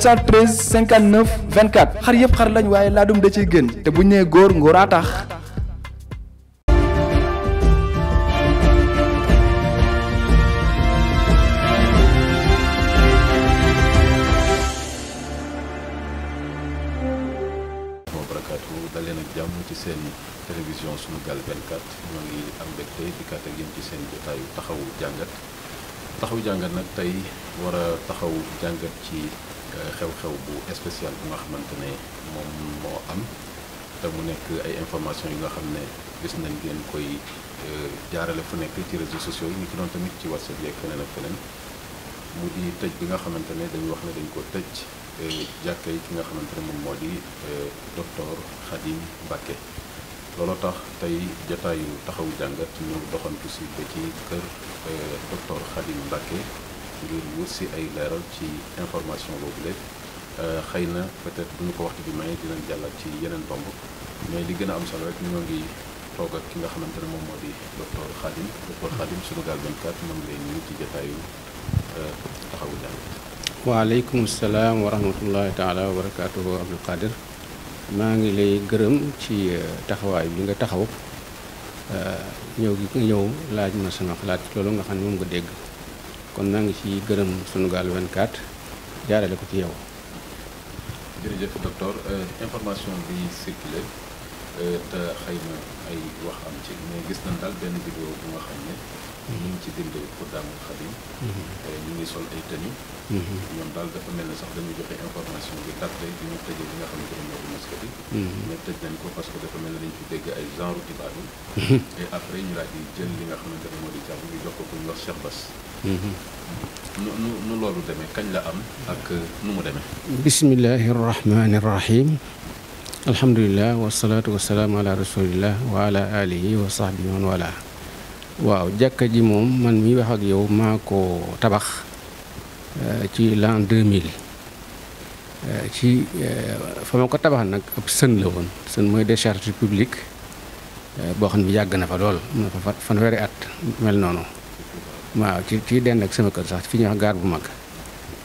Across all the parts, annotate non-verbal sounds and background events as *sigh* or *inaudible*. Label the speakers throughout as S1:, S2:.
S1: 713 59 24 xar yëpp xar lañ waaye laadum da ciy gën te bu ñu nee góor ngóoraa tax. télévision sunu gaal 24 ñoo ngi am mbégte dikkaat ak yéen ci seen jotaayu taxawu jàngat taxawu jàngat nag tey war taxaw jàngat ci xew-xew bu spécial bu nga xamante ne moom moo am te mu nekk ay information yi nga xam ne gis nañ ngeen koy euh, jaarale fu nekk ci réseaux sociaux yi ñu ci doon tamit ci whatsapp yeeg feneen ak feneen mu di tëj bi nga xamante ne dañu wax ne dañ ko tëj euh, jàkka yi ki nga xamante ne moom moo di euh, docteur Khadim Mbacké looloo tax tey jataayu taxawu jàngat ñu doxantu si ba ci kër docteur Khadim Mbacké ngir wut si ay leeral ci information boobu lépp euh, xëy na peut-être bu ko waxtu bi may dinañ jàllal ci yeneen tomb mais di gën a am solo rek ñoo ngi toog ak ki nga xamante ne moom moo di docteur Khadim docteur Khadim Sunugal 24 moom lay ñu ci jotaayu euh, taxawu jàngat.
S2: waaleykum salaam wa rahmatullahi taala wa barakaatuhu Abdou Khadir maa ngi lay gërëm ci euh, taxawaay bi nga taxaw ñëw gi ñëw laaj ma sama xalaat ci nga xam ne moom nga dégg. kon naa ngi ci gërëm Sunugal 24 jaarale ko ci yow.
S1: jërëjëf docteur euh, information bi circulé. te xëy na ay wax am ci mais gis nañ daal benn vidéo bu nga xam ne. Mhm. ñu ngi ci dindi pour daamul xadim. Mhm. ñu ngi sol ay tenues. Mhm. ñoom daal dafa mel ne sax dañuy joxe information bi date lay bi ñu tëjee bi nga xam ne dafa ñëw mosquée bi. mais tëj nañ ko parce que dafa mel ne dañ fi dégg ay genre dibaat yi. *laughs* et ñu daal di jël li nga xamante ne moo di jàpp ñu jox ko bu ñu wax Cheikh Bass. nu nu loolu demee kañ la am ak nu mu demee.
S2: bismillahi rahmaani rahim. alhamdulilah wasalaatu wasalaamu ala rasulillah wa ala alihi wa sahbihi man wala waaw jàkka ji moom man mi wax ak yow maa ko tabax euh, ci l'an 2000 euh, ci euh, fa ma ko tabax nag ab sën la woon sën mooy décharge publique boo xam bi yàgg na fa lool mën fa fanweeri at mel noonu waaw ci ci dend ak sama kër sax fi ñuy wax gaar bu mag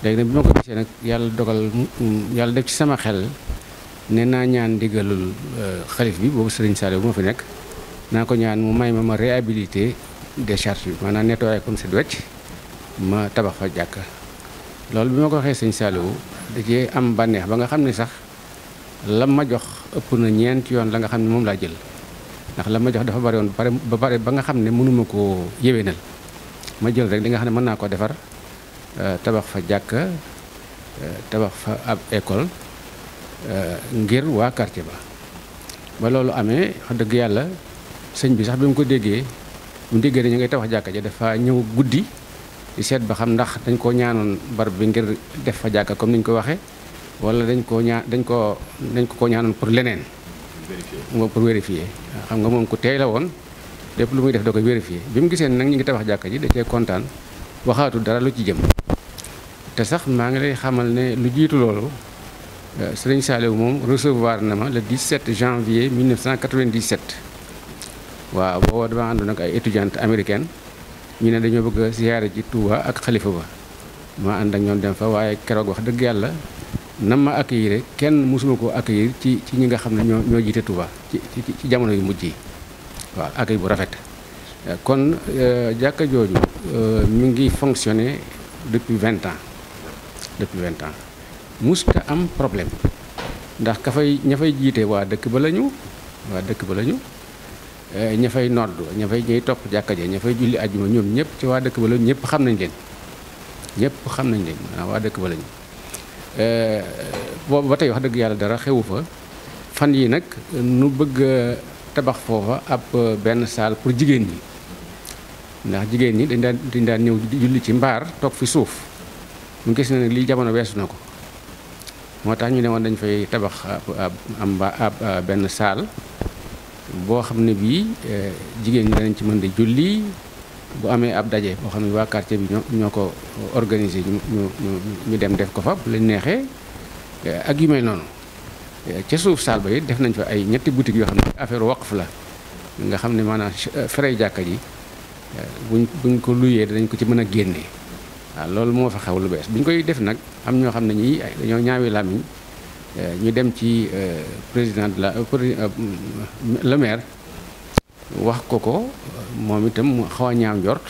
S2: léegi nag bi ma ko gisee nag yàlla dogal yàlla def ci sama xel ne naa ñaan ndigalul euh, xalif bi boobu Serigne Saliou bu ma fi nekk naa ko ñaan mu may ma ma réhabilité décharge bi maanaam nettoyé comme set wecc ma tabax fa jàkka loolu bi ma ko waxee Serigne Saliou da cee am bànneex ba nga xam ne sax la ma jox ëpp na ñeent yoon la nga xam ne moom laa jël ndax la ma jox dafa bari woon ba pare ba nga xam ne mënuma koo yéwénal ma jël rek li nga xam ne mën naa ko defar euh, tabax fa jàkka euh, tabax fa ab école Euh, ngir waa quartier ba ba loolu amee wax dëgg yàlla sëñ bi sax bi mu ko déggee mu déggee ñu ngay tabax jàkka ja dafa ñëw guddi seet ba xam ndax dañ koo ñaanoon barab bi ngir def fa jàkka comme ni ko waxee wala dañ koo ñaan dañ koo dañ ko koo ñaanoon pour leneen moom pour vérifier xam nga moom ku teey la woon lépp lu muy def da koy vérifier bi mu gisee nag ñu ngi tabax jàkka ji da cee kontaan waxaatu dara lu ci jëm te sax maa ngi lay xamal ne lu jiitu loolu Euh, Serigne Saliou moom recevoir na ma le 17 janvier 1997 waaw booba dama àndoon ak ay étudiante américaine ñu ne dañoo bëgg siyaare ji Touba ak xalifa ba ma ànd ak dem fa waaye keroog wax dëgg yàlla nam ma accueillir kenn mosuma ko accueillir ci ci ñi nga xam ne ñoo ñoo jiite Touba ci ci jamono yu mujj yi waaw accueil bu rafet euh, kon euh, jàkka jooju mi ngi fonctionner depuis vingt ans depuis vingt ans musta am problème ndax kafay fay ña fay jiite waa dëkk ba lañu waa dëkk ba lañu eh, ña fay nodd ña fay ñay topp jàkka ja ña fay julli ajjuma ñoom ñëpp ci waa dëkk ba lañu ñëpp xam nañ leen ñëpp xam nañ leen waa dëkk ba lañu eh, boobu ba tey wax dëgg yàlla dara xewu fa fan yi nag nu bëgg a tabax foofa ab eh, benn saal pour jigéen ñi ndax jigéen ñi dañ daan dañ daan ñëw julli ci mbaar toog fi suuf mu gis na nag lii jamono weesu na ko moo tax ñu ne woon dañu fay tabax am ba ab euh, benn saal boo xam ne bii euh, jigéen ñi danañ ci mën di julli bu amee ab daje boo xam ne waa quartier bi ñoo ñoo ko organisé ñu ñu dem def ko fa bu leen neexee euh, ak yu mel noonu ca suuf saal ba it def nañ fa ay ñetti boutique yoo xam ne affaire waqf la nga xam ne maanaam frais jàkka yi buñ buñ ko luyee danañ ko ci mën a génnee waaw loolu moo fa xew lu bees bi ñu koy def nag am ñoo xam ne ñii dañoo ñaawi làmmiñ eh, ñu dem ci eh, président de la euh, euh, le wax ko ko moom itam mu xaw a ñaaw njort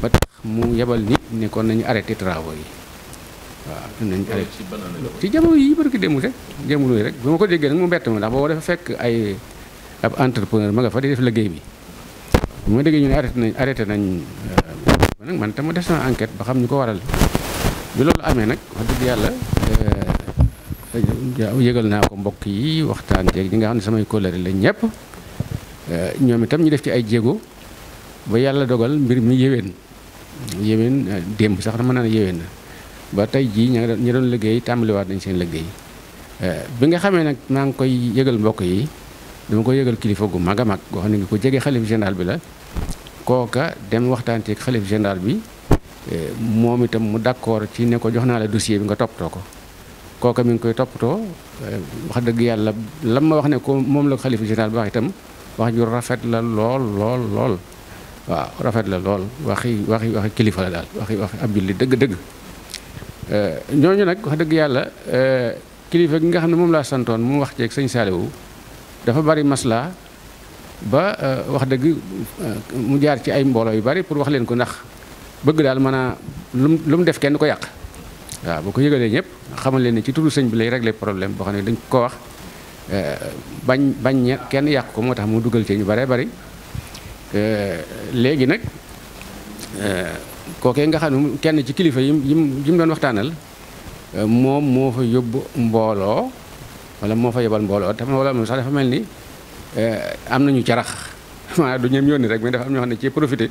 S2: ba tax mu yebal nit ne kon nañu arrêté travaux yi waaw nañu arrêté ci jamono yi barki démb rek jamono yi rek bi ma ko déggee nag mu bett ma ndax booba dafa fekk ay ab entrepreneur ma nga fa di def liggéey bi bu ma déggee ñu ne arrêté nañ arrêté nañ euh, nag man tam def naa enquête ba xam ñu ko waral bi loolu amee nag wax dëgg yàlla eh, eh, yëgal naa ko mbokk yi waxtaan jeeg ñi nga xam ne samay kóllëre lañ ñëpp eh, ñoom itam ñu def ci ay jéego ba yàlla dogal mbir mi yéwén yéwén démb sax dama naa ne yéwén na ba tey jii ñi doon liggéey tàmbaliwaat nañ seen liggéey bi nga xamee nag maa ngi koy yëgal mbokk yi dama koy yëgal kilifa gu mag a mag goo xam ne ngi ko jege xalif général bi la kooka dem waxtaanteeg xalif général bi eh, moom itam mu d'accord ci ne ko jox naa la dossier bi nga toppatoo ko kooka mi ngi koy toppatoo eh, wax dëgg yàlla lam ma wax ne ko moom la xalif général bi wax itam wax yu rafet la lool lool lool waaw rafet la lool waxi waxi waxi kilifa la daal waxi waxi ab julli dëgg-dëgg eh, ñooñu nag wax dëgg yàlla kilifa gi nga xam ne moom laa santoon mu wax ceeg sëñ Saaliwu dafa bari maslaa ba euh, wax dëgg euh, mu jaar ci ay mbooloo yu bari pour wax leen ko ndax bëgg daal mën a lu lu mu def kenn ko yàq waaw boo ko yëgalee ñëpp xamal leen ne ci turu sëñ bi lay régler problème boo xam ne dañ ko wax euh, bañ bañ kenn yàq ko moo tax mu dugal ci ñu baree bari léegi nag kookee nga xam ne kenn ci kilifa yi mu yi mu doon waxtaanal moom moo fa yóbbu mbooloo wala moo fa yebal mbooloo te wala moom sax dafa mel ni. Eh, am nañu carax maanaam *laughs* du ñoom ni rek mais dafa am ñoo xam ne ci profité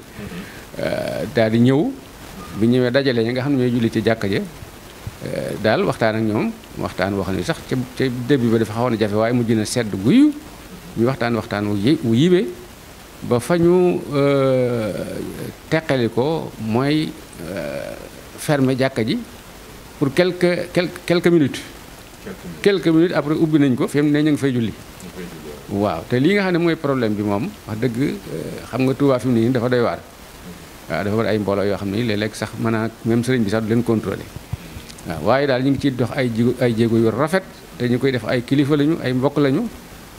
S2: eh, daal di ñëw bu ñëwee dajalee ñi nga xam ne ñooy julli ci jàkka je eh, daal waxtaan ak ñoom waxtaan wax ni sax ci ca début ba dafa xawoon a jafe waaye mujj na sedd guyu ñu waxtaan waxtaan wu yi wu yibee ba fa ñu teqali ko mooy ferme jàkka ji pour quelque quelques quelques minutes. quelques minutes après ubbi nañ ko fi nee ne ñu ngi fay julli. waaw te lii nga xam ne mooy problème bi moom wax dëgg eh, xam nga Touba fi mu nii dafa doy waar waaw dafa war ay mbooloo yoo xam ne léeg lekk sax man a même sëriñ bi sax du leen contrôler waaw waaye daal ñu ngi ciy dox ay jigo ay jéego yu rafet te ñu koy def ay kilifa lañu ay mbokk lañu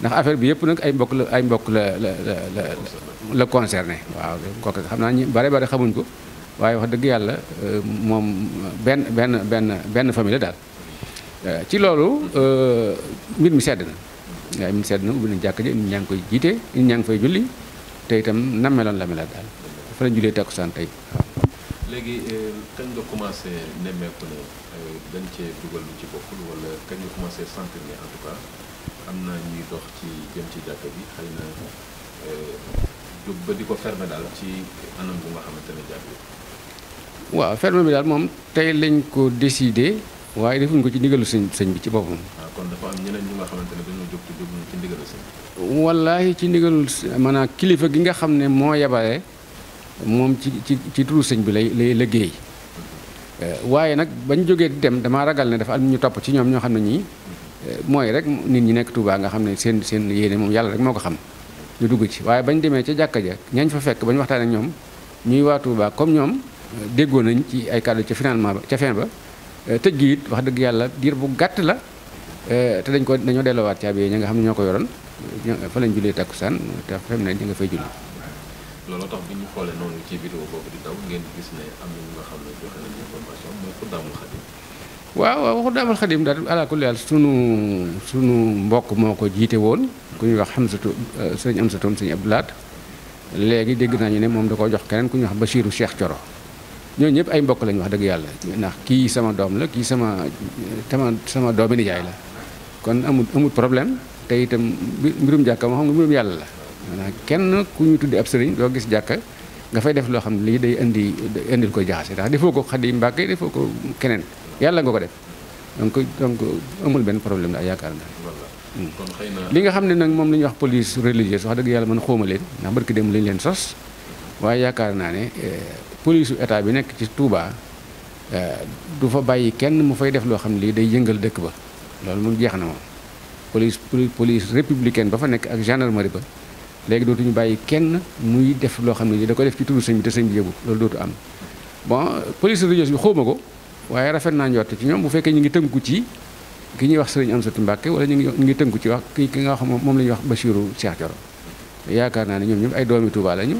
S2: ndax affaire bi yëpp nag ay mbokk la ay mbokk la la la la concerné waaw kooku xam naa ñi bare bare xamuñ ko waaye wax dëgg yàlla eh, moom benn benn benn benn famille la daal eh, ci loolu mbir mi sedd nga am sedd na ubbi nañ jàkk ji nit ñaa ngi koy jiite nit ñaa ngi fay julli te itam na meloon la melaat daal fa lañ jullee takkusaan tey waaw.
S1: léegi euh, kañ nga commencé nemmeeku ne euh, dañ cee dugal ci bokkul wala kañ nga commencé sentir ne en tout cas am na ñuy dox ci jëm ci jàkk bi xëy na euh, jóg ba di ko fermer daal ci anam bu nga xamante ne jàkk bi.
S2: waaw bi daal moom tey lañ ko décidé waaye defuñ ko ci ndigalu sëñ sëñ bi ci boppam.
S1: kon dafa am ñeneen ñi ci ndigalul sëñ.
S2: wallaahi ci ndigalul maanaam kilifa gi nga xam ne moo yabale moom ci ci ci turu sëñ bi lay lay liggéey eh, waaye nag bañ jógee di dem damaa ragal ne dafa am ñu topp ci ñoom ñoo xam ne ñii eh, mooy rek nit ñi nekk Touba nga xam ne seen seen yéene moom yàlla rek moo ko xam ñu dugg ci waaye bañ demee ca jàkka ja ñañ fa fekk bañ waxtaan ak ñoom ñuy waa Touba comme ñoom eh, déggoo nañ ci ay kàddu ca finalement ba ca fin ba tëj gi wax dëgg yàlla diir bu gàtt la Eh, te dañ ko dañoo delloowaat caabi yi ña nga xam ne ñoo ko yoroon fa lañ jullee takkusaan te xam ne ñi nga fay julli.
S1: loolu tax bi ñu xoolee noonu ci vidéo boobu di daw ngeen gis ne am na ñu nga xam ne
S2: waaw waaw xuddaamul xadim daal mbokk moo ko jiite woon ku ñuy wax Hamsatu eh, sëñ Amsatoom sëñ Abdoulaat léegi dégg nañu ne moom da koo jox keneen ku ñuy ba siiru Cheikh Thioro ñooñ ñëpp ay mbokk lañu wax dëgg yàlla ndax kii sama doom la kii sama eh, sama sama doomi nijaay la. kon amul amul problème te itam mbirum jàkka moo xam nga mbirum yàlla la maanaam kenn ku ñu tuddi ab sëriñ doo gis jàkka nga fay def loo xam ne lii day indi indil ko jaxase ndax defoo ko Xaadim Mbàkke defoo ko keneen yàlla nga ko def donc donc amul benn problème la yaakaar naa
S1: hmm. li nga
S2: xam ne nag moom la ñuy wax police religieuse wax dëgg yàlla man xóoma leen ndax barki dem lañ leen sos waaye yaakaar naa ne eh, police su état bi nekk ci tuubaa eh, du fa bàyyi kenn mu fay def loo xam ne lii day yëngal dëkk ba loolu moom jeex na moom police police républicaine ba fa nekk ak gendarmerie ba léegi dootuñu bàyyi kenn muy def loo xam ne da ko def ci turu sëñ bi te sëñ bi yëgu loolu dootu am bon police religieuse bi xawma ko waaye rafet naa njort ci ñoom bu fekkee ñu ngi tënku ci ki ñuy wax sëriñ Amsatu Mbàkke wala ñu ngi ñu ngi tënku ci wax ki ki nga wax moom la ñuy wax Bachirou Cheikh Thioro yaakaar naa ne ñoom ñëpp ay doomi Touba la ñu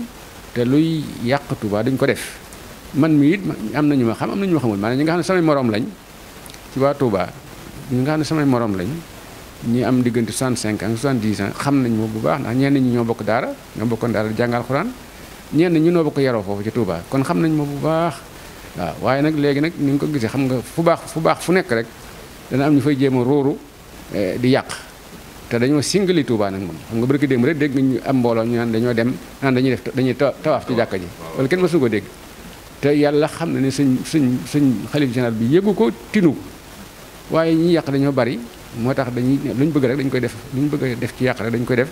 S2: te luy yàq Touba dañ ko def man mii it am nañu ñu ma xam am nañu ñu ma xamul maanaam ñi nga xam ne samay morom lañ ci waa ñu nga xam ne samay morom lañ ñi am diggante 65 ak 70 ans xam nañ ma bu baax ndax ñenn ñi ñoo bokk daara ñoo bokkoon daara jàngal xuraan ñenn ñu noo bokk yaroo foofu ci Touba kon xam nañ ma bu baax waaw waaye nag léegi nag ni nga ko gisee xam nga fu baax fu baax fu nekk rek dana am ñu fay jéem a róoru eh, di yàq te dañoo singali Touba nag moom xam nga barki démb rek dégg ñu am mbooloo ñu naan dañoo dem naan dañuy def dañuy tawaaf ci jàkka ji wala kenn mësuñu ko dégg te yàlla xam na ne suñ suñ suñ xalif général bi yëgu ko tinu waaye ñi yàq dañoo bari moo tax dañuy lu bëgg rek dañu koy def lu ñu bëgg a def ci yàq rek dañu koy def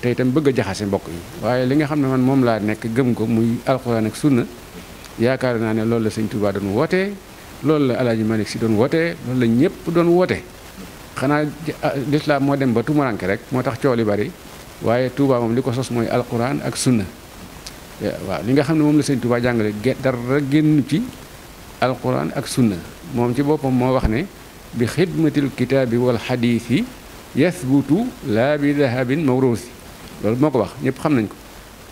S2: te itam bëgg a jaxase mbokk yi waaye li nga xam ne man moom laa nekk gëm ko muy alxuraan ak sunna yaakaar naa ne loolu la sëñ Touba doon wootee loolu la alaaji Malick si doon wootee loolu la ñëpp doon woote xanaa lislaam moo dem ba rek moo tax coow li bari waaye Touba moom li ko sos mooy alxuraan ak sunna eh, waaw li nga xam ne moom la sëñ Touba jàngale dara génn ci alxuraan ak sunna moom ci boppam moo wax ne bi xidmatil kitaabi wal xadiisi yasbutu laa bi dahabin mawruusi loolu moo ko wax ñëpp xam nañ ko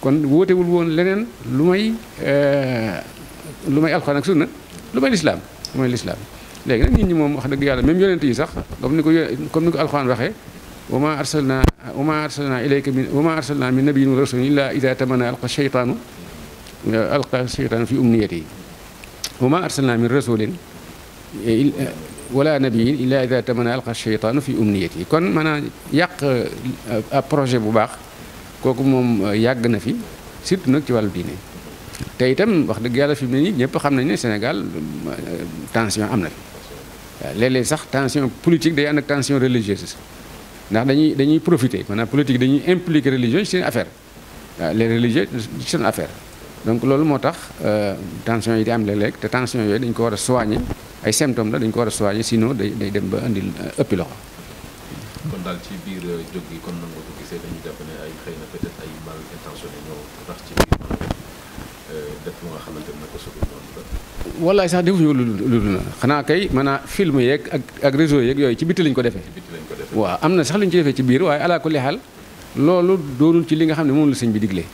S2: kon wóotewul woon leneen lu may eh, lu may alxuraan ak sunna lu may lislaam lu may lislaam léegi nag nit ñi moom wax dëgg yàlla même yonent yi sax comme ni ko comme ni ko alxuraan waxee wama arsalna wama arsalna ilayka min wama arsalna min nabiyyin wa rasulin illa ida tamana alqa sheytaanu alqa sheytaanu fi umniyati wama arsalna min rasulin eh, wala nabiyin illa ida tamana alqa cheytaanu fi umniyati kon maanaam yàq euh, ab projet bu baax kooku moom euh, yàgg na fi surtout nag ci wàll diine te itam wax dëgg yàlla fi mu ne nii ñëpp xam nañ ne Sénégal euh, tension am na fi waaw léeg-léeg sax tension politique day ànd tension religieuse ndax dañuy dañuy man maanaam politique dañuy impliquer religieux ci seen affaire waaw les seen affaire donc loolu moo tax euh, tension yi di am léeg-léeg te tension yooyu dañ ko war a soigner ay symptômes la dañ ko war a soigner sinon day day dem ba indil euh, ëppi loxo.
S1: kon daal ci biir euh, lu nga xamante
S2: ne ko suñu noonu wallaay sax defuñu lu lu lu na xanaa kay maanaam film yeeg ak ak réseau yeeg yooyu ci bitti lañ ko defee. waaw am na sax lu ñu ci defee ci biir waaye alaa ko leexal loolu doonul ci li nga xam ne moom la sëñ bi digle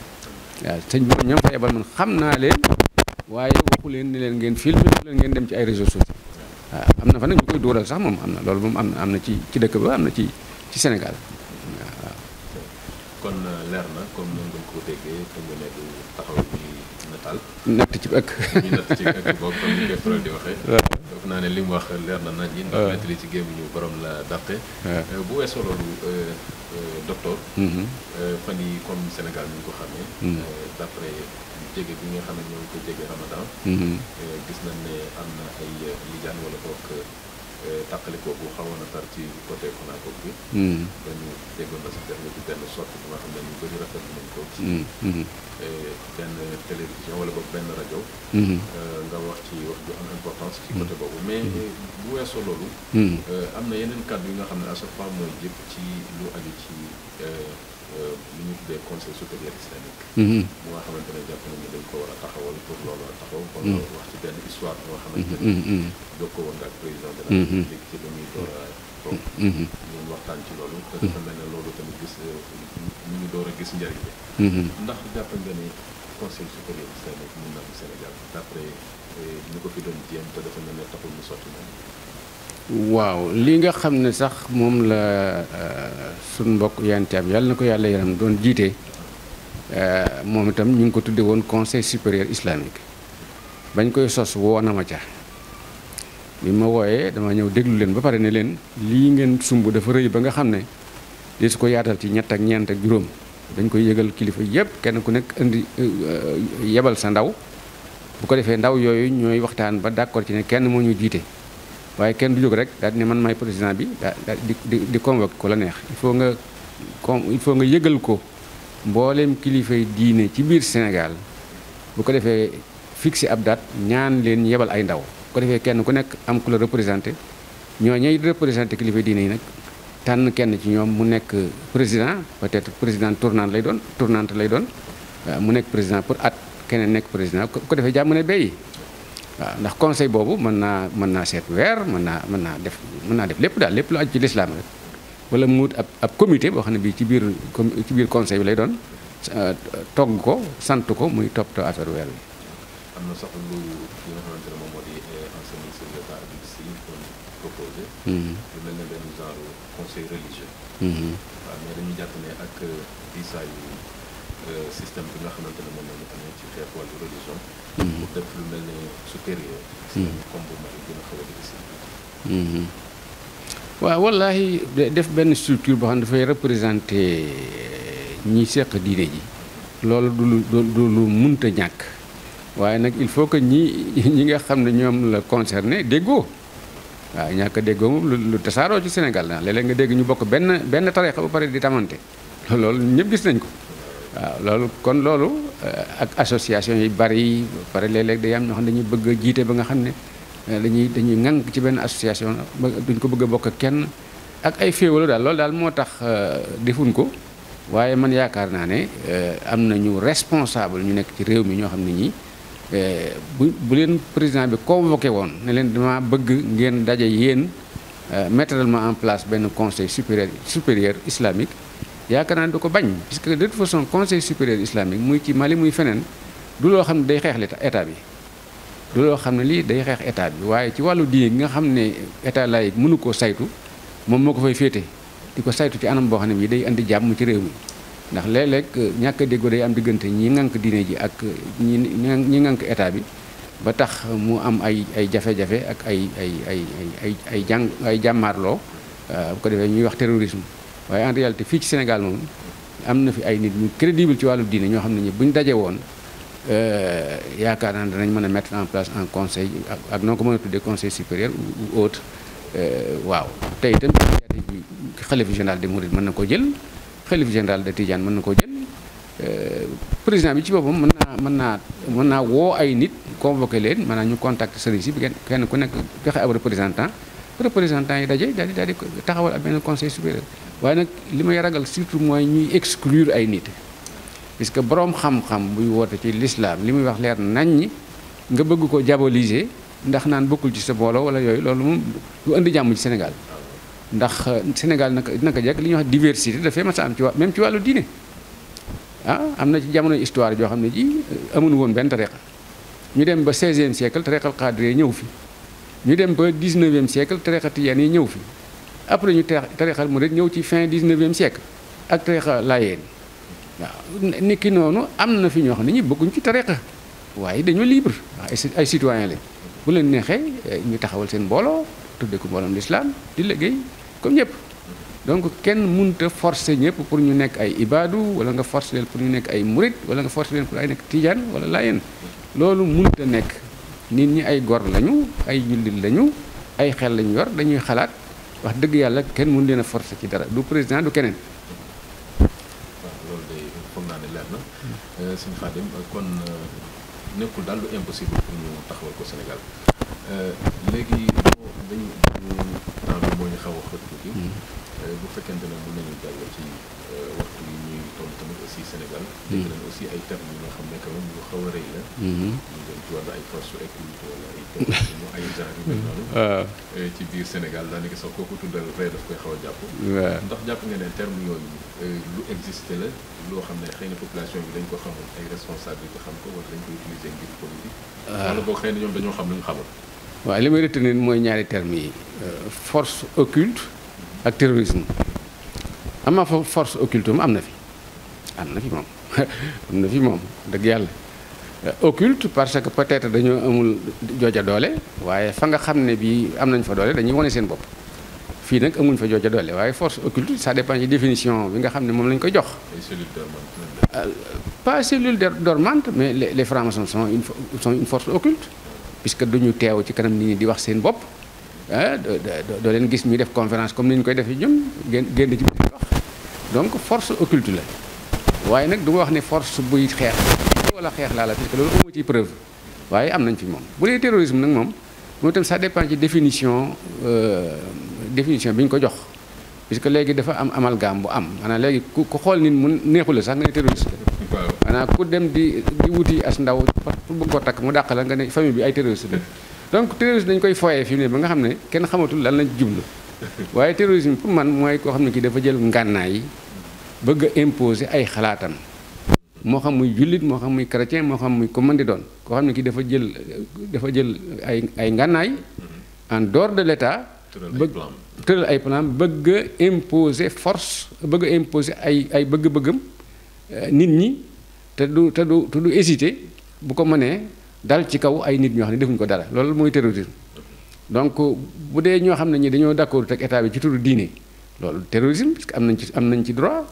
S2: waaw sëñ bi ñoom fa yebal man xam naa leen waaye waxu leen ni leen ngeen filmé leen ngeen dem ci ay réseaux sociaux waaw am na fa nag ñu koy dóoral sax moom am na loolu moom am na am na ci ci dëkk ba am na ci ci Sénégal waaw.
S1: na ko natal. natt ci ëkk. ñu *laughs* naa ne li wax leer na na yi. ci gémmiñu borom la dàqe. Euh, bu weesoo loolu euh, euh, docteur. Mm-hmm. fan yi comme Sénégal ñu ko xamee. Mm-hmm. d'après jege bi nga xam ne ko jege Ramadan. Mm-hmm. gis nañ ne am na ay lijaan wala boog. Eh, tàqalikoo bu xawoon a tar ci côté Konakoog bi. Hmm. ba ñu déggoon na sax def nga ci benn sortie bu nga xam ne ñu bëri rafetlu nañ ko. ci hmm. Hmm. Eh, benn télévision wala boog benn rajo. Eh, nga wax ci wax ju am importance. ci côté boobu mais bu weesoo loolu. am na yeneen kàddu yi nga xam ne à chaque fois mooy jëm ci lu aju ci. li euh, ñu tuddee conseil supérieur islamique. bu mhm. nga xamante ne ko war a taxawal pour loolu a taxaw. kon mhm. loolu wax ci benn histoire bi nga xamante ne. jokkoo mhm. woon ak président de la république door gis ñu euh, ngi door a gis njëriñ bi. ndax jàpp nga ni conseil supérieur islamique mun na am Sénégal d'après ñu euh, ko fi doon jéem te dafa mel ne taxul mu sotti moom.
S2: waaw li nga xam ne sax moom la euh, suñ mbokk yantaam yàlla na ko yàlla yaram doon jiite euh, moom itam ñu ngi ko tuddee woon conseil supérieur islamique bañ koy sos woo na ma ca bi ma wooyee dama ñëw déglu leen ba pare ne leen lii ngeen sumb dafa rëy ba nga xam ne di su ko yaatal ci ñett ak ñeent ak juróom dañ koy yëgal kilifa yépp kenn ku nekk indi euh, yebal sa ndaw bu ko defee ndaw yooyu ñooy waxtaan ba d'accord ci ne kenn moo ñu jiite waaye kenn du jóg rek daal di ne man maay président bi daal di di di ko la neex il faut nga con il faut nga yëgal ko mbooleem kilifay diine ci biir Sénégal bu ko defee fixé ab date ñaan leen yebal ay ndaw bu ko defee kenn ku nekk am ku la représenté ñoo ñay représenté kilifay diine yi nag tànn kenn ci ñoom mu nekk président peut-être président tournante lay doon tournante lay doon mu nekk président pour at keneen nekk président bu ko defee jàmm ne waaw ndax conseil boobu mën naa mën naa seet weer mën naa mën naa def mën naa def lépp daal lépp lu aju ci lislaam rek wala mu wut ab ab comité boo xam ne bii ci biir ci biir conseil bi lay doon euh, togg ko sant ko muy toppatoo affaire weer bi.
S1: am na sax lu li euh, mhm. benn genre conseil religieux. Mhm. Euh, système bi nga
S2: mm-hmm. def benn structure boo xam ne dafay représenter euh, ñi seq diine ji. loolu du lu du lu munta ñàkk waaye nag il faut que ñi *laughs* ñi nga xam ne ñoom la concerné déggoo waaw ñàkk déggoo moom lu tasaaroo ci Sénégal daal léeg nga dégg ñu bokk benn benn tarixa ba pare di tamante lool ñëpp gis nañ ko. waaw loolu kon loolu eh, ak association yi bari pare léeg-léeg day am ñoo xam ne dañuy bëgg a jiite ba nga xam ne eh, dañuy dañuy ŋànk ci benn association duñ ko bëgg a bokk kenn ak ay féewalu daal loolu daal moo tax eh, defuñ ko waaye man yaakaar naa ne am na ñu responsable ñu nekk ci réew mi ñoo xam ne ñii bu bu leen président bi convoqué woon ne leen dama bëgg ngeen daje yéen mettre ma en place benn conseil supérieur supérieur islamique yaakaar naa du ko bañ puisque de toute façon conseil supérieur islamique muy ci Mali muy feneen du loo xam ne day xeex état bi du loo xam ne lii day xeex état bi waaye ci wàllu diine bi nga xam ne état laay mënu koo saytu moom moo ko fay féete di ko saytu ci anam boo xam ne bii day indi jàmm ci réew mi ndax léeg-léeg euh, ñàkk a déggoo day am diggante ñi ngànk diine ji ak euh, ñi ñi ngànk état bi ba tax mu am ay ay jafe-jafe ak ay ay ay ay ay jàng ay jàmmaarloo euh, bu ko ñuy wax terrorisme waaye en réalité fii ci Sénégal moom am na fi ay nit ñu crédible ci wàllu diine ñoo xam ne ñi bu ñu daje woon euh, yaakaar naa danañ mën a mettre en place en conseil ak noo ko mën a tuddee conseil supérieur ou autre euh, waaw tey itam xalifa général de Mourides mën na ko jël xalifa général de Tidiane mën na ko jël euh, président bi ci boppam mën naa mën naa mën naa woo ay nit convoqué leen maanaam ñu contacter service yi bi kenn ku nekk joxe ab représentant représentants yi daje daal di daal di taxawal ab benn conseil supérieur waaye nag li may ragal surtout mooy ñuy exclure ay nit parce que boroom xam-xam buy woote ci lislaam li muy wax leer nañ ñi nga bëgg ko diaboliser ndax naan bokkul ci sa booloo wala yooyu loolu moom lu indi jàmm ci Sénégal ndax Sénégal naka naka jekk li ñu wax diversité dafay mas a am ci wàll même ci wàllu diine ah am na ci jamono histoire joo xam ne ji euh, amuñu woon benn tariqa ñu dem ba 16e siècle tariqal ñëw fi ñu dem ba 19e siècle tarixa tijaan yi ñëw fi après ñu tarixal murit ñëw ci fin 19e siècle ak tarixa laayeen waaw nikki noonu am na fi ñoo xam ne ñi bëgguñ ci tarixa waaye dañoo libre waaw ay citoyen lañ bu leen neexee eh, ñu taxawal seen mbooloo tudde ku mbooloom lislaam di liggéey comme ñëpp donc kenn munta forcer ñëpp pour ñu nekk ay ibaadu wala nga forcer leen pour ñu nekk ay murit wala nga forcer leen pour ay nekk tijaan wala laayeen loolu munta nekk nit ñi ay gor lañu ay jullit lañu ay xel lañu yor dañuy xalaat wax dëgg yàlla kenn mën leen a forcer ci dara du président du keneen.
S1: Euh, sëñ Khadim kon euh, nekkul daal lu impossible pour ñu taxawal ko Sénégal euh, dañu temps bi moo ñu xaw a xët tuuti hmm. euh, bu fekkente ne mën nañu jàll ci euh, waxtu yi aussi Sénégal hmm. dégg nañ aussi ay termes yi nga xam ne quand même lu xaw a rëy la hmm. ci ay force écoute wala *laughs* ah. euh, ci biir Sénégal daanaka sax kooku tuddal ree daf koy xaw a jàpp ndax jàpp nga ne terme yoon lu existe la loo xam ne xëy na population bi dañ ko xamul ay responsable yi ko xam ko wala dañ ko utiliser ngir politique ah. wala boo xëy na ñoom dañoo xam lu ñu xamul
S2: waaw li may retenir mooy ñaari terme yi force occulte ak terrorisme am na fo force occulte am na fi am na fi moom *laughs* am na fi moom dëgg yàlla occulte parce que peut-être dañoo amul jooja doole waaye fa nga xam ne bii am nañ fa doole dañuy wane seen bopp fii nag amuñ fa jooja doole waaye force occulte ça dépend ci définition bi nga xam ne moom lañ ko jox. Euh, pas cellule dormante mais les francs-maçons sont une sont force occulte. puisque du ñu teew ci kanam nit ñi di wax seen bopp ah doo leen gis ñuy def conférence comme ni ñu koy defee ñun génn génn ci biir wax donc force occulte la waaye nag du ma wax ne force buy xeex wala xeex laa la parce loolu amoo ci preuve waaye am nañ fi moom bu dee terrorisme nag moom moom itam ça dépend ci définition euh, définition bi ñu ko jox puisque léegi dafa am amal amalgame bu am maanaam léegi ku xool nit mun neexu la sax nga ne terroriste maanaam ku dem di di wuti as ndaw pour bëgg ko takk mu dàq la nga ne famille bi ay terroriste la donc terroriste dañ koy foyee fi mu ne ba nga xam ne kenn xamatul lan lañ jublu waaye terrorisme pour man mooy koo xam ne kii dafa jël ngànnaay yi bëgg a ay xalaatam moo xam muy jullit moo xam muy chrétien moo xam muy ko mën doon koo xam ne kii dafa jël dafa jël ay ay ngànnaay en dehors de l'état bëgg tëral ay plan bëgg a force bëgg a ay ay bëgg-bëggam euh, nit ñi te du te du te du hésiter bu ko mënee dal ci kaw ay nit ñoo xam ne defuñ ko dara loolu mooy terrorisme donc bu dee ñoo xam ne ñi dañoo d'accord ak état bi ci turu diine loolu terrorisme parce que am nañ ci am nañ ci droit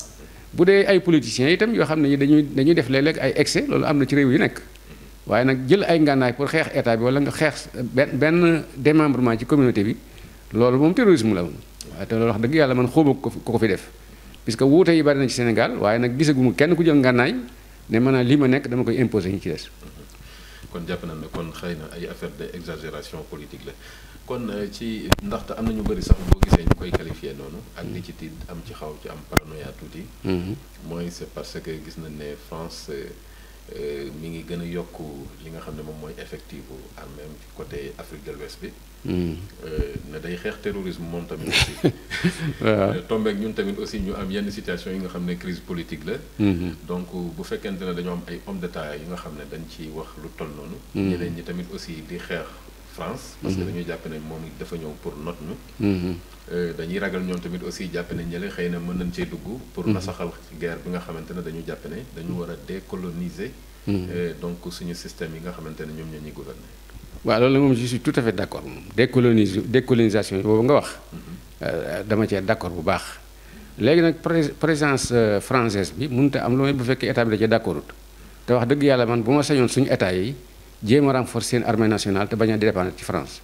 S2: bu dee ay politiciens itam yoo xam ne ñi dañuy dañuy def léeg-léeg ay excès loolu am na ci réew yi nekk waaye nag jël ay ngànnaay pour xeex état bi wala nga xeex benn benn démembrement ci communauté bi loolu moom terrorisme la moom waaye te loolu wax dëgg yàlla man xóoba ko fi def puisque wuute yi bari na ci Sénégal waaye nag gisaguma kenn ku jël ngànnaay ne maanaam lii ma nekk dama koy imposer ñu ci des.
S1: kon jàpp nañ ne kon xëy na ay affaire de exagération politique la kon euh, ci ndaxte am na ñu bëri sax boo gisee ñu koy qualifié noonu. ak li ci tiit am ci xaw ci am paranoïa tuuti. Mm-hmm. mooy c'est parce que gis nañ ne France. Euh, euh, mi ngi gën a yokk li nga xam ne moom mooy effectif bu armée ci côté Afrique de l'Ouest bi.
S2: Mm-hmm.
S1: day xeex terrorisme moom tamit *laughs* aussi. waaw euh, tombeek ñun tamit aussi ñu am yenn situation yi nga xam ne crise politique la. Mhm. donc bu fekkente ne dañoo am ay de d'État yi nga xam ne dañ ci wax lu toll noonu. Mhm. ñeneen ñi tamit aussi di xeex France. parce que mhm. dañuy jàpp ne moom dafa ñëw pour not
S2: ñu.
S1: Euh, dañuy ragal ñoom tamit aussi jàpp ne ñële xëy na mën nañ cee dugg. pour nasaxal guerre bi nga xamante ne dañu jàpp dañu war a décoloniser. Euh, donc suñu système yi nga xamante ne ñoom ñoo ñuy
S2: gouverner. waaw loolu moom je suis tout à fait d' accord moom décolonisation boobu nga wax euh, dama cee d' accord bu baax léegi nag présence euh, francaise bi mun a am lu may bu fekkee état bi da cee d' te wax dëgg yàlla man bu ma sañoon suñu état yi jéem a renforcer seen armée nationale te bañ a dépendre ci France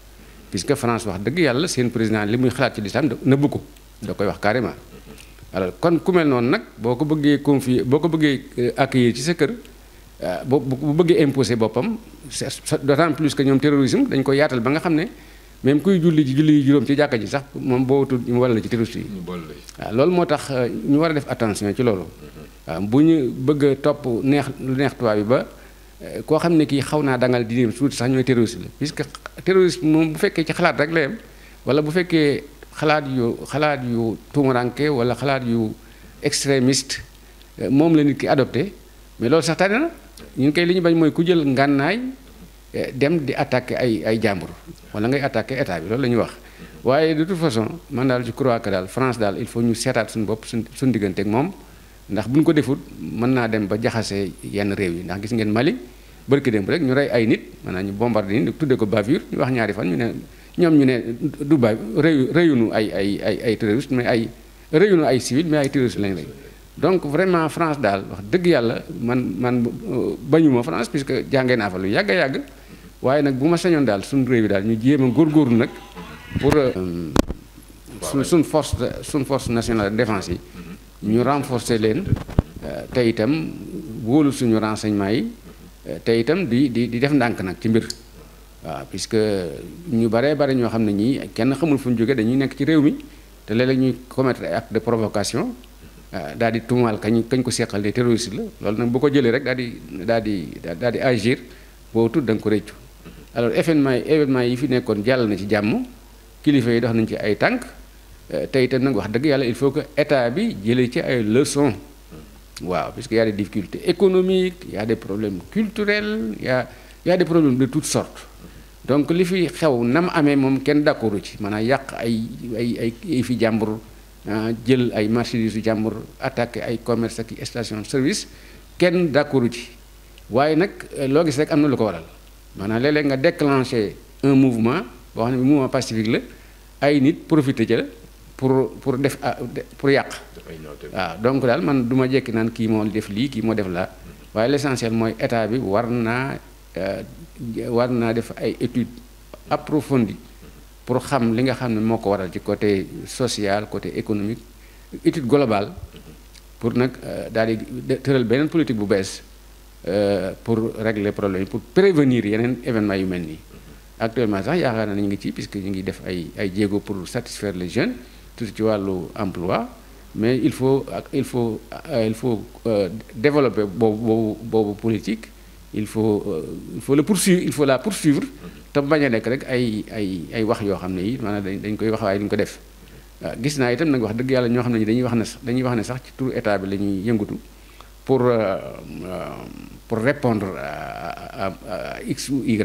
S2: puisque France wax dëgg yàlla seen président li muy xalaat ci lislaam nëbbu ko da koy wax carrément alors kon ku mel noonu nag boo ko bëggee confier boo ko bëggee euh, accueillir ci sa kër. Euh, bu bu bëggee imposer boppam c'est d'autant plus que ñoom terrorisme dañ ko yaatal ba nga xam ne même kuy julli ji julli juróom ci jàkka ji sax moom bootul ñu wala la ci terroriste yi loolu moo tax euh, ñu war a def attention ci loolu mm-hmm. waaw bu ñu bëgg topp neex lu neex tubaab bi ba euh, koo xam ne kii xaw naa dangal di dem suuti sax ñooy terroriste la puisque terroriste moom bu fekkee ci xalaat rek la yem wala bu fekkee xalaat yu xalaat yu tuumuranke wala xalaat yu extrémiste moom la nit ki adopté mais loolu sax tane na ñun koy li ñu bañ mooy ku jël ngànnaay eh, dem di attaquer ay ay jàmbur wala ngay attaquer état bi loolu la ñuy wax waaye de toute façon man daal je crois que daal France daal il faut ñu seetaat suñu bopp suñ suñu moom ndax bu ñu ko defut mën naa dem ba jaxasee yenn réew yi ndax gis ngeen Mali bërki démb rek ñu rey ay nit man naa ñu bombardé nit tuddee ko bavure ñu wax ñaari fan ñu ne ñoom ñu ne du ba réyu réyunu ay ay ay ay terroriste mais ay réyunu ay civil mais ay terroriste lañ donc vraiment France daal wax dëgg yàlla man man euh, bañuma France puisque jàngee naa fa lu yàgg yàgg waaye nag bu ma sañoon daal suñu réew yi daal ñu jéem a góorgóorlu nag pour euh, suñ force suñ force nationale de yi ñu renforcer leen euh, te itam wóolu suñu renseignement yi te itam di di di def ndànk nag ci mbir waaw puisque ñu baree bare ñoo xam ne ñii kenn xamul fu ñu jógee dañuy nekk ci réew mi te léeg-léeg ñuy commettre ay de provocation Euh, daal di tuumaal kañ kañ ko seqal ne terroriste la loolu nag bu ko jëlee rek daal di daal di daal di agir boo tudd da nga ko réccu alors événement yi événement yi fi nekkoon jàll na ci jàmm kilifa yi dox nañ ci ay tànk euh, tey te nag wax dëgg yàlla il faut que état bi jëlee ci ay leçons waaw parce que y a des difficultés économiques y a des problèmes culturels a y a des problèmes de toutes sort donc li fi xew mu amee moom kenn d'accordu ci a yàq ay ay ay fi jàmbur. Ah, jël ay marchandises yu jàmbur attaqué ay commerce ak station service kenn d'accord ci waaye nag eh, loo gis rek am na lu ko waral maanaa léeg-léeg nga déclenché un mouvement boo xam ne mouvement pacifique la ay nit profité ca pour pour def ah, pour yàq waaw ah, donc daal man duma ma jekki naan kii moo def lii kii moo def laa mm-hmm. waaye l'essentiel mooy état bi war naa eh, war naa def ay études approfondi pour xam li nga xam ne moo ko waral ci côté social côté économique étude globale pour nag euh, daal di tëral beneen politique bu bees euh, pour régler problème yi pour prévenir yeneen événement yu mel nii actuellement sax yaakaar na ñu ngi ci puisque ñu ngi def ay ay jéego pour satisfaire les jeunes surtout ci wàllu emploi mais il faut il faut euh, il faut développer boobu boobu boobu politique il faut il faut le poursuivre il faut la poursuivre te bañ a rek ay ay wax yoo xam ne yi maanaam dañ dañ koy wax waaye duñ ko def gis naa itam nag wax dëgg yàlla ñoo xam ne dañuy wax ne dañuy wax ne sax ci turu état bi la ñuy pour euh, euh, pour répondre à x ou y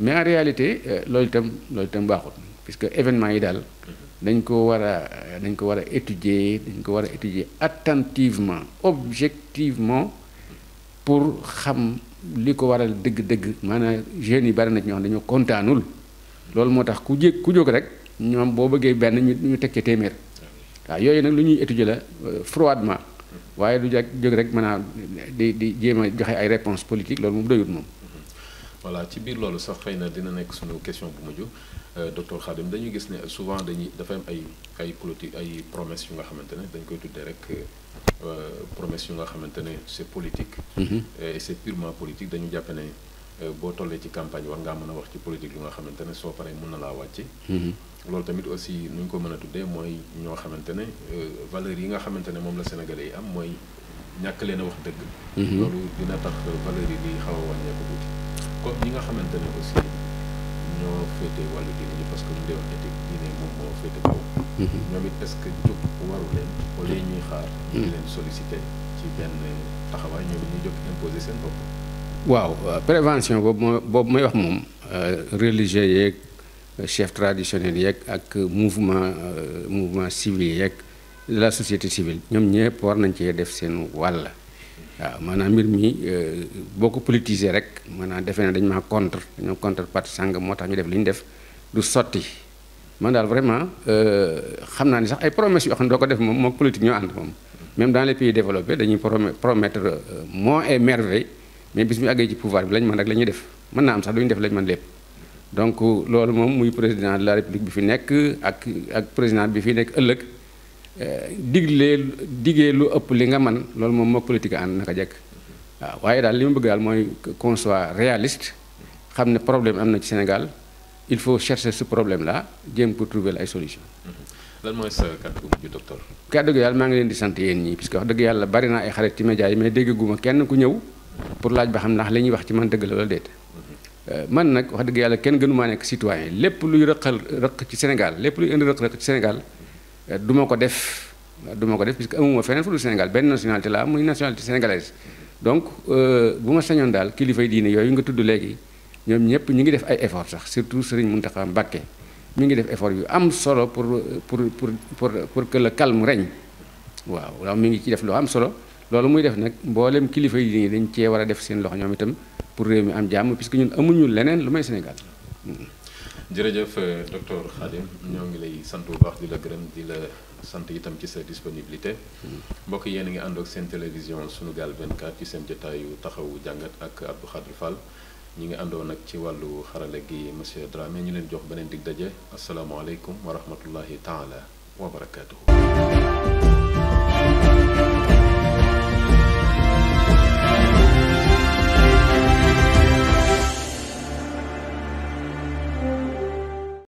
S2: mais en réalité euh, loolu itam loolu itam baaxul puisque événement yi daal dañ ko war a dañ ko war a étudier dañ ko war a étudier attentivement objectivement pour xam li ko waral dëgg-dëgg maanaam jeunes yi bari na ci ñoo xam dañoo kontaanul loolu moo tax ku jég ku jóg rek ñoom boo bëggee benn ñu ñu teg ca téeméer waaw yooyu nag lu ñuy étudier la euh, froidement waaye du jag jóg rek maanaam di di jéem a joxe ay réponses politiques loolu moom doyut moom.
S1: voilà ci biir loolu sax xëy na dina nekk suñu question bu mujj. Euh, docteur Khadim dañu gis ne souvent dañuy dafa am ay ay politique ay promesse yu nga xamante ne dañ koy tuddee rek euh, promesse yu nga xamante ne politique. Mm-hmm. Euh, et c' purement politique dañu jàpp ne boo tollee ci campagne war ngaa mën a wax ci politique lu nga xamante ne soo paree mën na laa wàcce. Mm-hmm. loolu tamit aussi nu ñu ko mën a tuddee mooy ñoo xamante ne valeurs yi nga xamante ne moom la Sénégalais yi am mooy ñàkk leen a wax dëgg. Mm-hmm. loolu dina tax valeurs yi di xaw a wàññeeku tuuti. comme ñi nga xamante ne aussi. ñoo féete wàllu diine ji parce que ñu deewoon éthique diine moom moo féete kaw mhm. ñoom it est-ce que jóg waru leen ñuy xaar ñu mhm. leen sollicité ci benn taxawaay ñoom it ñuy jóg seen bopp
S2: waaw euh, prévention boobu moo boobu may wax moom euh, religieux yeeg euh, chef traditionnel yeeg ak mouvement mouvement civil yeeg de la société civile ñoom ñëpp war nañ cee def seen wàll waaw maanaam mbir mi euh, boo ko politiser rek maanaam defee ne dañ maa contre dañoo contre parti sàngam moo tax ñu def li ñu def du sotti man daal vraiment euh, xam naa ni sax ay promesses yoo xam ne doo ko def moom moo politique ñoo ànd moom même dans les pays développés dañuy promettre euh, monts et merveilles mais bis mu àggee ci pouvoir bi lañ mën rek la ñuy def mën naa am sax duñu def lañ mën lépp donc loolu moom muy président de la république bi fi nekk ak ak président bi fi nekk ëllëg diglee digee lu ëpp li nga man loolu moom moo politique ànd naka jekk waaye daal li ma bëgg daal mooy qu'on soit réaliste xam ne problème am na ci Sénégal il faut chercher ce problème là jéem ko trouver ay solution mhm.
S1: lan mooy sa kàddu gu
S2: mujj yàlla maa ngi leen di sant yéen ñii parce que wax yàlla bari naa ay xarit ci média yi mais kenn ku ñëw pour laaj ba xam ndax li ñuy wax ci man dëgg la wala déet. Mhm. Euh, man nag wax dëgg yàlla kenn gënumaa nekk citoyen lépp luy rëq rëq ci Sénégal lépp luy indi rëq-rëq ci Sénégal. duma ko def du ma ko def puisque amuma feneen fu dul Sénégal benn nationalité la muy nationalité sénégalaise donc euh, bu ma sañoon daal kilifa yi diine yooyu nga tudd léegi ñoom ñëpp ñu ngi def ay effort sax surtout Serigne Mountakha Mbacké mi ngi def effort yu am solo pour pour pour pour pour que le calme waaw waaw mi ngi ci def lu am solo loolu muy def nag mboolem kilifa yi diine dañ cee war a def seen loxo ñoom itam pour réew mi am jàmm puisque ñun amuñu leneen lu may Sénégal. Mm-hmm.
S1: jërëjëf euh, docteur Khadim ñoo ngi lay sant bu baax di la gërëm di la sant itam ci sa disponibilité mm-hmm. mbokk yéen a ngi ànd seen télévision Sunugal 24 ci seen jotaayu taxawu jàngat ak Abdou Khadre Fall ñi ngi àndoon nag ci wàllu xarala gi monsieur Dramé ñu leen jox beneen dig daje asalaamaaleykum wa rahmatullahi taala wa barakaatuhu